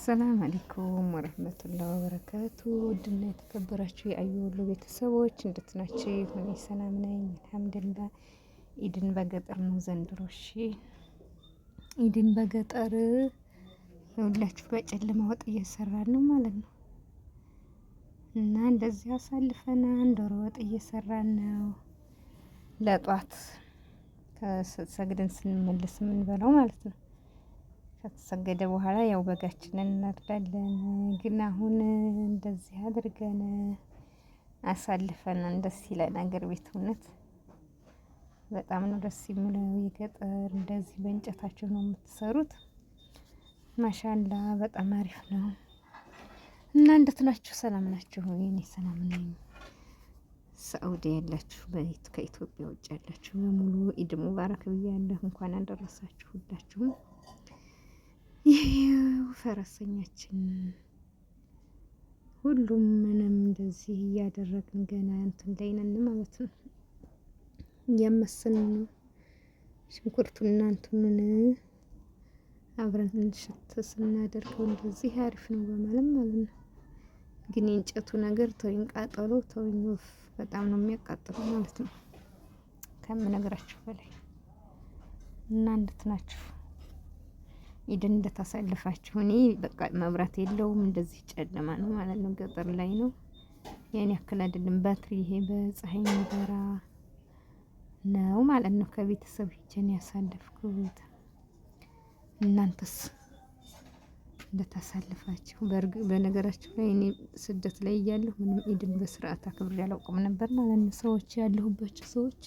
አሰላም አለይኩም ወረህመቱላህ ወበረካቱ። ውድና የተከበራችሁ የአዩ ወሎ ቤተሰቦች እንዴት ናችሁ? እኔ ሰላም ነኝ አልሐምዱሊላህ። ኢድን በገጠር ነው ዘንድሮ። እሺ ኢድን በገጠር ሁላችሁ በጨለማ ወጥ እየሰራን ነው ማለት ነው እና እንደዚህ አሳልፈናን ዶሮ ወጥ እየሰራን ነው ለጧት ከሰግደን ስንመለስ የምንበላው ማለት ነው ከተሰገደ በኋላ ያው በጋችንን እናርዳለን። ግን አሁን እንደዚህ አድርገን አሳልፈናል። ደስ ይላል አገር ቤት እውነት በጣም ነው ደስ የሚለው። የገጠር እንደዚህ በእንጨታቸው ነው የምትሰሩት። ማሻላ በጣም አሪፍ ነው። እና እንደት ናችሁ? ሰላም ናችሁ? የኔ ሰላም ነኝ። ሳኡዲ ያላችሁ በት ከኢትዮጵያ ውጭ ያላችሁ በሙሉ ኢድ ሙባረክ ብያለሁ። እንኳን አደረሳችሁ ሁላችሁም ይኸው ፈረሰኛችን ሁሉም ምንም እንደዚህ እያደረግን ገና እንትን ላይ ነን ማለት ነው። እያመሰን ነው ሽንኩርቱና እንትኑን አብረን እንሽት ስናደርገው እንደዚህ አሪፍ ነው በማለት ማለት ነው። ግን የእንጨቱ ነገር ተወኝ፣ ቃጠሎ ተወኝ፣ ወፍ በጣም ነው የሚያቃጥለው ማለት ነው ከምነግራችሁ በላይ እና እንድትናችሁ ኢድን እንደታሳልፋችሁ። እኔ በቃ መብራት የለውም እንደዚህ ጨለማ ነው ማለት ነው። ገጠር ላይ ነው ያን ያክል አይደለም ባትሪ። ይሄ በፀሐይ የሚበራ ነው ማለት ነው። ከቤተሰብ ሂጅን ያሳለፍኩት። እናንተስ እንደታሳልፋችሁ። በነገራችሁ ላይ እኔ ስደት ላይ እያለሁ ምንም ኢድን በስርዓት አክብሬ አላውቅም ነበር ማለት ነው። ሰዎች ያለሁባቸው ሰዎች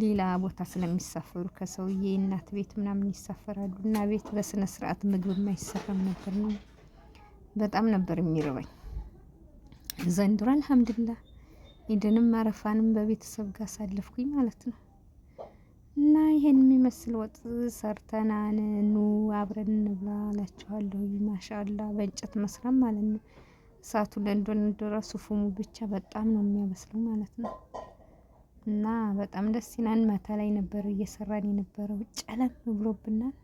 ሌላ ቦታ ስለሚሳፈሩ ከሰውዬ እናት ቤት ምናምን ይሳፈራሉ እና ቤት በስነ ስርዓት ምግብ የማይሰራም ነበር ነው። በጣም ነበር የሚርበኝ። ዘንድሮ አልሐምድሊላህ ኢድንም አረፋንም በቤተሰብ ጋር አሳለፍኩኝ ማለት ነው። እና ይሄን የሚመስል ወጥ ሰርተናን ኑ አብረን እንብላ እላችኋለሁ። ማሻላ በእንጨት መስራት ማለት ነው። እሳቱ ለእንዶን ድረሱ ፉሙ ብቻ በጣም ነው የሚያበስለው ማለት ነው። እና በጣም ደስ ይላል። ማታ ላይ ነበር እየሰራን የነበረው ጨለም ብሎብናል።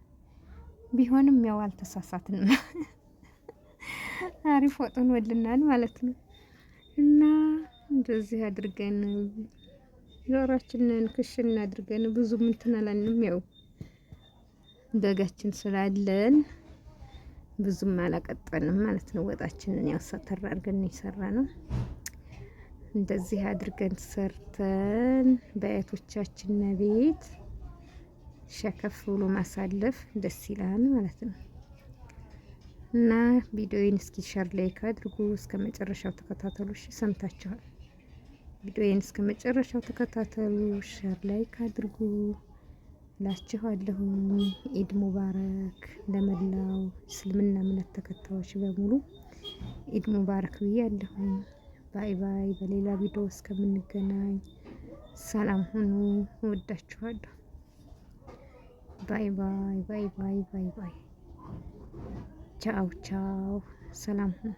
ቢሆንም ያው አልተሳሳትንም፣ አሪፍ ወጡን ወልናል ማለት ነው። እና እንደዚህ አድርገን ዞራችንን ክሽን አድርገን ብዙ እንትን አላልንም። ያው በጋችን ስላለን ብዙም አላቀጠንም ማለት ነው። ወጣችንን ያው አድርገን የሰራ ነው። እንደዚህ አድርገን ሰርተን በአያቶቻችን ቤት ሸከፍ ብሎ ማሳለፍ ደስ ይላል ማለት ነው። እና ቪዲዮዬን እስኪ ሸር ላይክ አድርጉ፣ እስከ መጨረሻው ተከታተሉ። እሺ ሰምታችኋል። ቪዲዮዬን እስከ መጨረሻው ተከታተሉ፣ ሸር ላይክ አድርጉ ላችኋለሁ። ኢድ ሙባረክ ለመላው እስልምና እምነት ተከታዮች በሙሉ ኢድ ሙባረክ ብያለሁ። ባይ ባይ። በሌላ ቪዲዮ እስከምንገናኝ ሰላም ሁኑ። እወዳችኋለሁ። ባይ ባይ ባይ ባይ ባይ ባይ። ቻው ቻው። ሰላም ሁኑ።